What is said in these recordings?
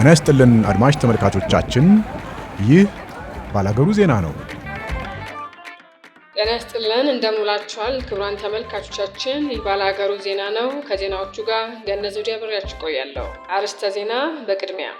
ጤና ይስጥልን አድማጭ ተመልካቾቻችን፣ ይህ ባላገሩ ዜና ነው። ጤና ይስጥልን ክብራን ክቡራን ተመልካቾቻችን፣ ይህ ባላገሩ ዜና ነው። ከዜናዎቹ ጋር ገነዘ ወዲያ ብሬያችሁ ቆያለሁ። አርዕስተ ዜና በቅድሚያ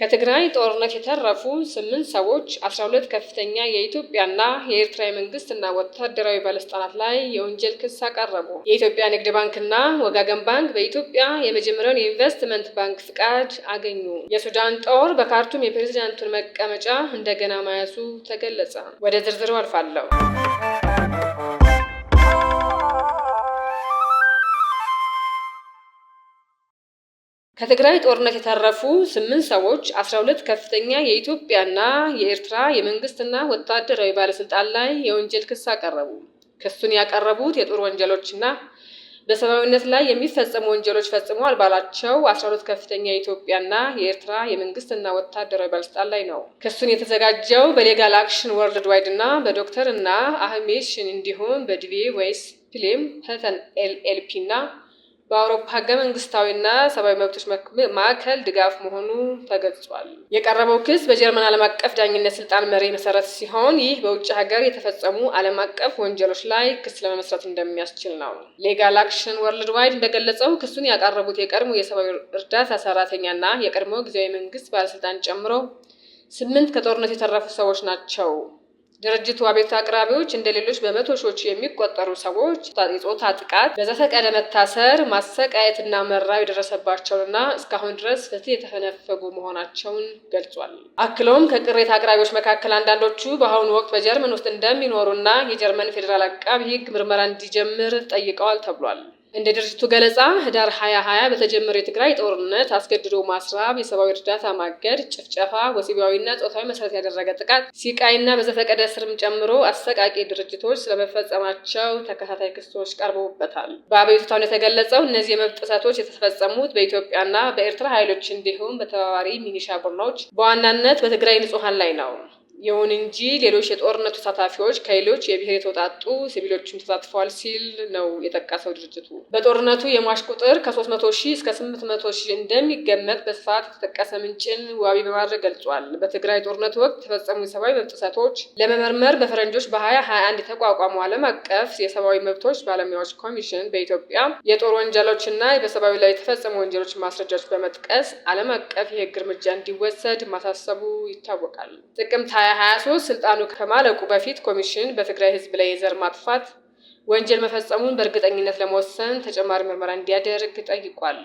ከትግራይ ጦርነት የተረፉ ስምንት ሰዎች አስራ ሁለት ከፍተኛ የኢትዮጵያና የኤርትራ የመንግስትና ወታደራዊ ባለስልጣናት ላይ የወንጀል ክስ አቀረቡ። የኢትዮጵያ ንግድ ባንክና ወጋገን ባንክ በኢትዮጵያ የመጀመሪያውን የኢንቨስትመንት ባንክ ፍቃድ አገኙ። የሱዳን ጦር በካርቱም የፕሬዚዳንቱን መቀመጫ እንደገና መያዙ ተገለጸ። ወደ ዝርዝሩ አልፋለሁ። ከትግራይ ጦርነት የተረፉ ስምንት ሰዎች አስራ ሁለት ከፍተኛ የኢትዮጵያና የኤርትራ የመንግስትና ወታደራዊ ባለስልጣን ላይ የወንጀል ክስ አቀረቡ። ክሱን ያቀረቡት የጦር ወንጀሎችና በሰብአዊነት ላይ የሚፈጸሙ ወንጀሎች ፈጽመዋል ባላቸው አስራ ሁለት ከፍተኛ የኢትዮጵያና የኤርትራ የመንግስትና ወታደራዊ ባለስልጣን ላይ ነው። ክሱን የተዘጋጀው በሌጋል አክሽን ወርልድ ዋይድ እና በዶክተር እና አህሜሽን እንዲሁም በዲቪ ወይስ ፕሌም ፐተን ኤልኤልፒ እና በአውሮፓ ህገ መንግስታዊና ሰብአዊ መብቶች ማዕከል ድጋፍ መሆኑ ተገልጿል። የቀረበው ክስ በጀርመን ዓለም አቀፍ ዳኝነት ስልጣን መሪ መሰረት ሲሆን ይህ በውጭ ሀገር የተፈጸሙ ዓለም አቀፍ ወንጀሎች ላይ ክስ ለመመስረት እንደሚያስችል ነው። ሌጋል አክሽን ወርልድ ዋይድ እንደገለጸው ክሱን ያቀረቡት የቀድሞ የሰብአዊ እርዳታ ሰራተኛና የቀድሞ ጊዜያዊ መንግስት ባለስልጣን ጨምሮ ስምንት ከጦርነት የተረፉ ሰዎች ናቸው። ድርጅቱ አቤት አቅራቢዎች እንደ ሌሎች በመቶ ሺዎች የሚቆጠሩ ሰዎች የጾታ ጥቃት በዘፈቀደ መታሰር፣ ማሰቃየትና መራብ የደረሰባቸውንና እስካሁን ድረስ ፍትህ የተፈነፈጉ መሆናቸውን ገልጿል። አክለውም ከቅሬታ አቅራቢዎች መካከል አንዳንዶቹ በአሁኑ ወቅት በጀርመን ውስጥ እንደሚኖሩና የጀርመን ፌዴራል አቃቢ ህግ ምርመራ እንዲጀምር ጠይቀዋል ተብሏል። እንደ ድርጅቱ ገለጻ ህዳር 2020 በተጀመረው የትግራይ ጦርነት አስገድዶ ማስራብ፣ የሰብአዊ እርዳታ ማገድ፣ ጭፍጨፋ፣ ወሲባዊና ጾታዊ መሰረት ያደረገ ጥቃት፣ ሲቃይና በዘፈቀደ ስርም ጨምሮ አሰቃቂ ድርጅቶች ስለመፈጸማቸው ተከታታይ ክስቶች ቀርበውበታል። በአቤቱታው የተገለጸው እነዚህ የመብት ጥሰቶች የተፈጸሙት በኢትዮጵያና በኤርትራ ኃይሎች እንዲሁም በተባባሪ ሚኒሻ ቡድኖች በዋናነት በትግራይ ንጹሐን ላይ ነው። ይሁን እንጂ ሌሎች የጦርነቱ ተሳታፊዎች ከሌሎች የብሔር የተውጣጡ ሲቪሎችም ተሳትፈዋል ሲል ነው የጠቀሰው ድርጅቱ። በጦርነቱ የሟች ቁጥር ከ 300 ሺህ እስከ 800 መቶ ሺህ እንደሚገመጥ በስፋት የተጠቀሰ ምንጭን ዋቢ በማድረግ ገልጿል። በትግራይ ጦርነት ወቅት የተፈጸሙ የሰብአዊ መብት ጥሰቶች ለመመርመር በፈረንጆች በ2021 የተቋቋሙ የተቋቋመው ዓለም አቀፍ የሰብአዊ መብቶች ባለሙያዎች ኮሚሽን በኢትዮጵያ የጦር ወንጀሎችና በሰብአዊ ላይ የተፈጸሙ ወንጀሎች ማስረጃዎች በመጥቀስ ዓለም አቀፍ የህግ እርምጃ እንዲወሰድ ማሳሰቡ ይታወቃል። ጥቅምት 2023 ስልጣኑ ከማለቁ በፊት ኮሚሽን በትግራይ ህዝብ ላይ የዘር ማጥፋት ወንጀል መፈጸሙን በእርግጠኝነት ለመወሰን ተጨማሪ ምርመራ እንዲያደርግ ጠይቋል።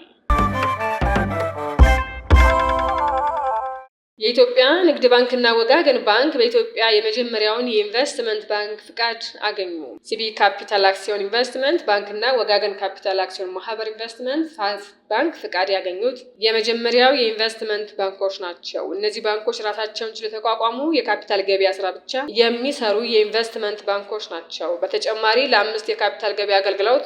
የኢትዮጵያ ንግድ ባንክና ወጋገን ባንክ በኢትዮጵያ የመጀመሪያውን የኢንቨስትመንት ባንክ ፍቃድ አገኙ። ሲቢ ካፒታል አክሲዮን ኢንቨስትመንት ባንክና ወጋገን ካፒታል አክሲዮን ማህበር ኢንቨስትመንት ባንክ ፍቃድ ያገኙት የመጀመሪያው የኢንቨስትመንት ባንኮች ናቸው። እነዚህ ባንኮች ራሳቸውን ችለው የተቋቋሙ የካፒታል ገበያ ስራ ብቻ የሚሰሩ የኢንቨስትመንት ባንኮች ናቸው። በተጨማሪ ለአምስት የካፒታል ገበያ አገልግሎት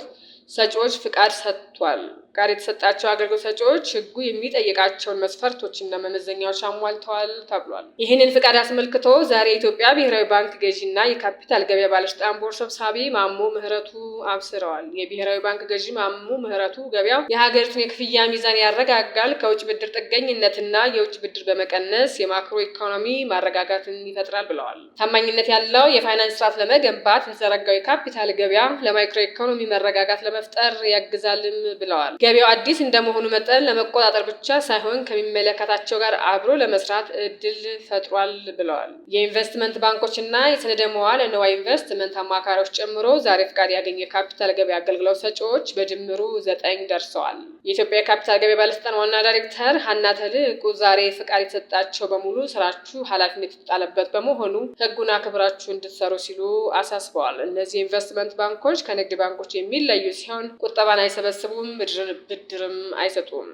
ሰጪዎች ፍቃድ ሰጥቷል። ጋር የተሰጣቸው አገልግሎት ሰጪዎች ሕጉ የሚጠይቃቸውን መስፈርቶችና መመዘኛዎች አሟልተዋል ተብሏል። ይህንን ፍቃድ አስመልክቶ ዛሬ የኢትዮጵያ ብሔራዊ ባንክ ገዢ ና የካፒታል ገበያ ባለስልጣን ቦርድ ሰብሳቢ ማሞ ምህረቱ አብስረዋል። የብሔራዊ ባንክ ገዢ ማሞ ምህረቱ ገበያው የሀገሪቱን የክፍያ ሚዛን ያረጋጋል፣ ከውጭ ብድር ጥገኝነትና የውጭ ብድር በመቀነስ የማክሮ ኢኮኖሚ ማረጋጋትን ይፈጥራል ብለዋል። ታማኝነት ያለው የፋይናንስ ስርዓት ለመገንባት የተዘረጋው የካፒታል ገበያ ለማይክሮ ኢኮኖሚ መረጋጋት ለመፍጠር ያግዛልም ብለዋል። ገበያው አዲስ እንደመሆኑ መጠን ለመቆጣጠር ብቻ ሳይሆን ከሚመለከታቸው ጋር አብሮ ለመስራት እድል ፈጥሯል ብለዋል። የኢንቨስትመንት እና የሰነደ መዋዕለ ንዋይ ኢንቨስትመንት አማካሪዎች ጨምሮ ዛሬ ፍቃድ ያገኘ የካፒታል ገበያ አገልግሎት ሰጪዎች በድምሩ ዘጠኝ ደርሰዋል። የኢትዮጵያ የካፒታል ገበያ ባለስልጣን ዋና ዳይሬክተር ሀና ተልቁ ዛሬ ፍቃድ የተሰጣቸው በሙሉ ስራችሁ ኃላፊነት የተጣለበት በመሆኑ ህጉን አክብራችሁ እንድትሰሩ ሲሉ አሳስበዋል። እነዚህ የኢንቨስትመንት ባንኮች ከንግድ ባንኮች የሚለዩ ሲሆን ቁጠባን አይሰበስቡም፣ ብድርን ብድርም አይሰጡም።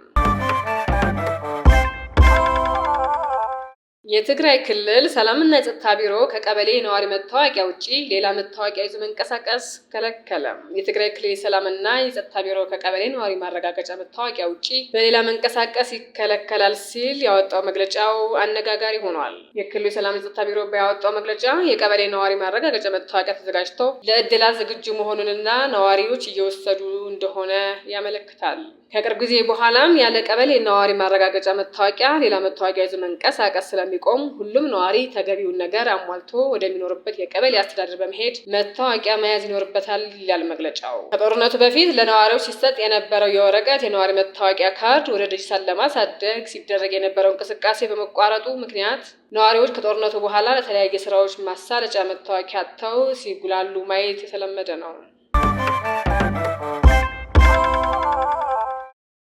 የትግራይ ክልል ሰላምና የጸጥታ ቢሮ ከቀበሌ ነዋሪ መታወቂያ ውጪ ሌላ መታወቂያ ይዞ መንቀሳቀስ ከለከለ። የትግራይ ክልል የሰላምና የጸጥታ ቢሮ ከቀበሌ ነዋሪ ማረጋገጫ መታወቂያ ውጪ በሌላ መንቀሳቀስ ይከለከላል ሲል ያወጣው መግለጫው አነጋጋሪ ሆኗል። የክልሉ የሰላም የጸጥታ ቢሮ ያወጣው መግለጫ የቀበሌ ነዋሪ ማረጋገጫ መታወቂያ ተዘጋጅቶ ለእድላ ዝግጁ መሆኑንና ነዋሪዎች እየወሰዱ እንደሆነ ያመለክታል። ከቅርብ ጊዜ በኋላም ያለ ቀበሌ ነዋሪ ማረጋገጫ መታወቂያ ሌላ መታወቂያ ይዞ መንቀሳቀስ ስለሚ ቢቆም ሁሉም ነዋሪ ተገቢውን ነገር አሟልቶ ወደሚኖርበት የቀበሌ አስተዳደር በመሄድ መታወቂያ መያዝ ይኖርበታል ይላል መግለጫው። ከጦርነቱ በፊት ለነዋሪዎች ሲሰጥ የነበረው የወረቀት የነዋሪ መታወቂያ ካርድ ወደ ዲጂታል ለማሳደግ ሲደረግ የነበረው እንቅስቃሴ በመቋረጡ ምክንያት ነዋሪዎች ከጦርነቱ በኋላ ለተለያየ ስራዎች ማሳለጫ መታወቂያ አጥተው ሲጉላሉ ማየት የተለመደ ነው።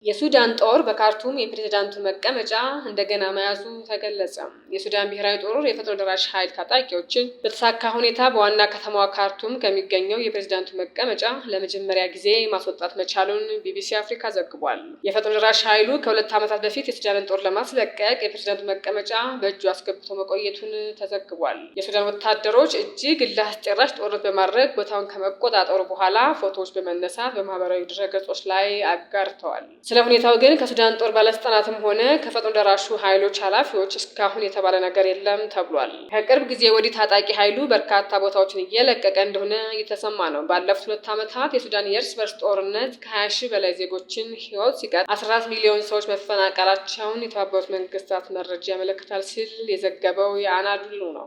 የሱዳን ጦር በካርቱም የፕሬዝዳንቱን መቀመጫ እንደገና መያዙ ተገለጸ። የሱዳን ብሔራዊ ጦር የፈጥኖ ደራሽ ኃይል ታጣቂዎችን በተሳካ ሁኔታ በዋና ከተማዋ ካርቱም ከሚገኘው የፕሬዝዳንቱ መቀመጫ ለመጀመሪያ ጊዜ ማስወጣት መቻሉን ቢቢሲ አፍሪካ ዘግቧል። የፈጥኖ ደራሽ ኃይሉ ከሁለት ዓመታት በፊት የሱዳንን ጦር ለማስለቀቅ የፕሬዝዳንቱ መቀመጫ በእጁ አስገብቶ መቆየቱን ተዘግቧል። የሱዳን ወታደሮች እጅግ እልህ አስጨራሽ ጦርነት በማድረግ ቦታውን ከመቆጣጠሩ በኋላ ፎቶዎች በመነሳት በማህበራዊ ድረገጾች ላይ አጋርተዋል። ስለ ሁኔታው ግን ከሱዳን ጦር ባለስልጣናትም ሆነ ከፈጥኖ ደራሹ ኃይሎች ኃላፊዎች እስካሁን የተባለ ነገር የለም ተብሏል። ከቅርብ ጊዜ ወዲህ ታጣቂ ኃይሉ በርካታ ቦታዎችን እየለቀቀ እንደሆነ እየተሰማ ነው። ባለፉት ሁለት ዓመታት የሱዳን የእርስ በርስ ጦርነት ከ20 ሺህ በላይ ዜጎችን ህይወት ሲቀጥ 14 ሚሊዮን ሰዎች መፈናቀላቸውን የተባበሩት መንግስታት መረጃ ያመለክታል ሲል የዘገበው የአናዱሉ ነው።